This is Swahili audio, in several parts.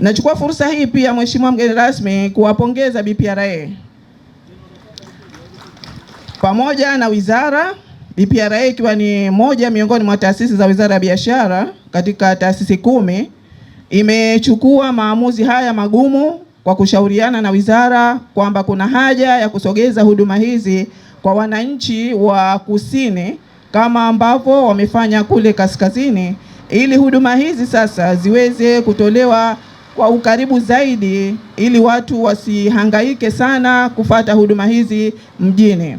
Nachukua fursa hii pia, Mheshimiwa mgeni rasmi, kuwapongeza BPRA pamoja na wizara, BPRA ikiwa ni moja miongoni mwa taasisi za Wizara ya Biashara katika taasisi kumi, imechukua maamuzi haya magumu kwa kushauriana na wizara kwamba kuna haja ya kusogeza huduma hizi kwa wananchi wa kusini kama ambavyo wamefanya kule kaskazini, ili huduma hizi sasa ziweze kutolewa kwa ukaribu zaidi ili watu wasihangaike sana kufata huduma hizi mjini.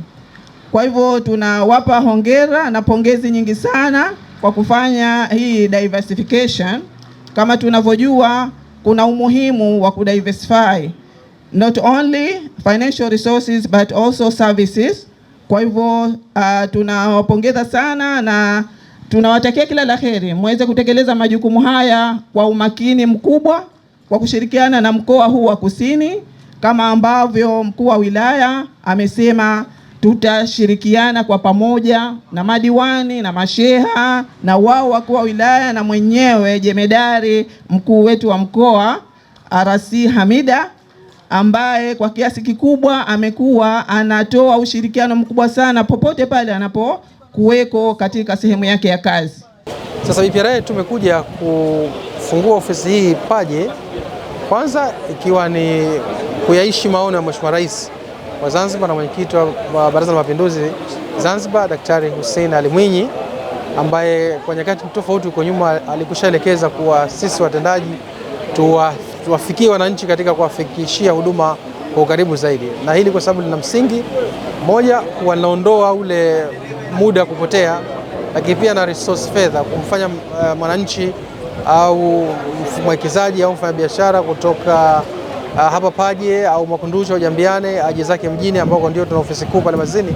Kwa hivyo tunawapa hongera na pongezi nyingi sana kwa kufanya hii diversification. Kama tunavyojua kuna umuhimu wa kudiversify not only financial resources but also services. Kwa hivyo uh, tunawapongeza sana na tunawatakia kila la heri muweze kutekeleza majukumu haya kwa umakini mkubwa kwa kushirikiana na mkoa huu wa Kusini, kama ambavyo mkuu wa wilaya amesema tutashirikiana kwa pamoja na madiwani na masheha na wao wakuu wa wilaya na mwenyewe jemedari mkuu wetu wa mkoa RC Hamida, ambaye kwa kiasi kikubwa amekuwa anatoa ushirikiano mkubwa sana popote pale anapokuweko katika sehemu yake ya kazi. Sasa BPRA tumekuja ku kufungua ofisi hii Paje, kwanza ikiwa ni kuyaishi maono ya Mheshimiwa Rais wa Zanzibar na mwenyekiti wa Baraza la Mapinduzi Zanzibar, Daktari Hussein Ali Mwinyi, ambaye kwa nyakati tofauti huko nyuma alikushaelekeza kuwa sisi watendaji tuwafikie wananchi katika kuwafikishia huduma kwa ukaribu zaidi, na hili kwa sababu lina msingi moja, wanaondoa ule muda kupotea, lakini pia na resource fedha kumfanya uh, mwananchi au mwekezaji au mfanyabiashara kutoka uh, hapa Paje au Makunduchi au Jambiane aje zake mjini ambako ndio tuna ofisi kuu pale Mazini,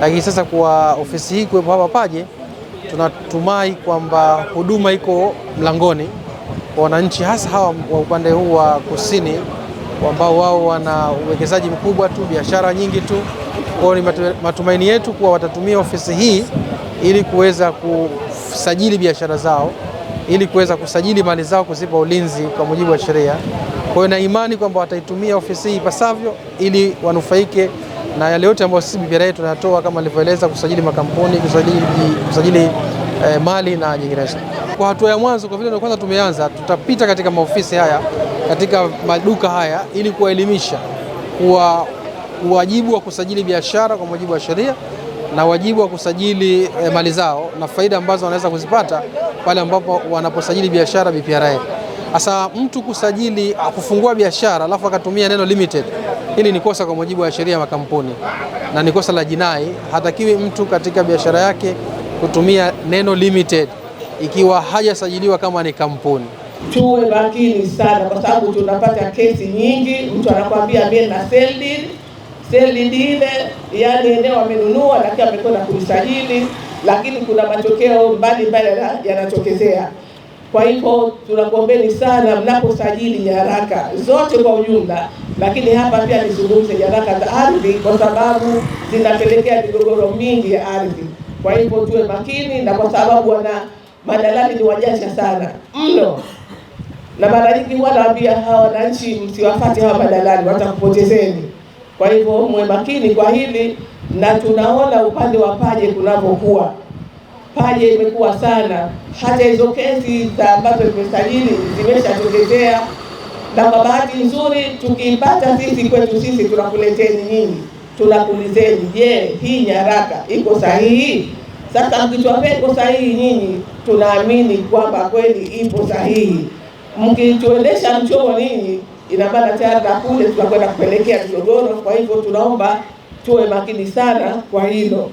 lakini sasa kwa ofisi hii kuwepo hapa Paje, tunatumai kwamba huduma iko mlangoni kwa wananchi, hasa hawa wa upande huu wa kusini ambao wao wana uwekezaji mkubwa tu, biashara nyingi tu. Kwa hiyo ni matumaini yetu kuwa watatumia ofisi hii ili kuweza kusajili biashara zao ili kuweza kusajili mali zao, kuzipa ulinzi kwa mujibu wa sheria. Kwa hiyo na imani kwamba wataitumia ofisi hii ipasavyo, ili wanufaike na yale yote ambayo sisi BPRA tunayatoa kama nilivyoeleza, kusajili makampuni, kusajili, kusajili eh, mali na nyinginezo. Kwa hatua ya mwanzo, kwa vile ndio kwanza tumeanza, tutapita katika maofisi haya, katika maduka haya, ili kuwaelimisha kuwa wajibu wa kusajili biashara kwa mujibu wa sheria na wajibu wa kusajili eh, mali zao na faida ambazo wanaweza kuzipata pale ambapo wanaposajili biashara BPRA. Sasa mtu kusajili ah, kufungua biashara alafu akatumia neno limited, hili ni kosa kwa mujibu wa sheria ya makampuni na ni kosa la jinai. Hatakiwi mtu katika biashara yake kutumia neno limited ikiwa hajasajiliwa kama ni kampuni. Tuwe makini sana, kwa sababu tunapata kesi nyingi, mtu anakuambia mimi na selling seli ile, yani eneo amenunua lakini amekwenda kulisajili, lakini kuna matokeo mbalimbali yanatokezea. Kwa hivyo tunakuombeni sana mnaposajili nyaraka zote kwa ujumla, lakini hapa pia nizungumze nyaraka za ardhi, kwa sababu zinapelekea migogoro mingi ya ardhi. Kwa hivyo tuwe makini, na kwa sababu wana madalali ni wajanja sana mno, na mara nyingi wanawaambia hawa wananchi, msiwafate hawa madalali, watakupotezeni. Kwa hivyo mwe makini kwa hili, na tunaona upande wa Paje kunapokuwa Paje imekuwa sana, hata hizo kesi za ambazo tumesajili zimeshatokezea, na kwa bahati nzuri tukiipata sisi kwetu sisi tunakuleteni nyinyi, tunakulizeni je, hii nyaraka iko sahihi? Sasa mkichwapea iko sahihi, nyinyi tunaamini kwamba kweli ipo sahihi. Mkituendesha mchomo ninyi ina maana tayari na kule tunakwenda kupelekea migogoro. Kwa hivyo tunaomba tuwe makini sana kwa hilo.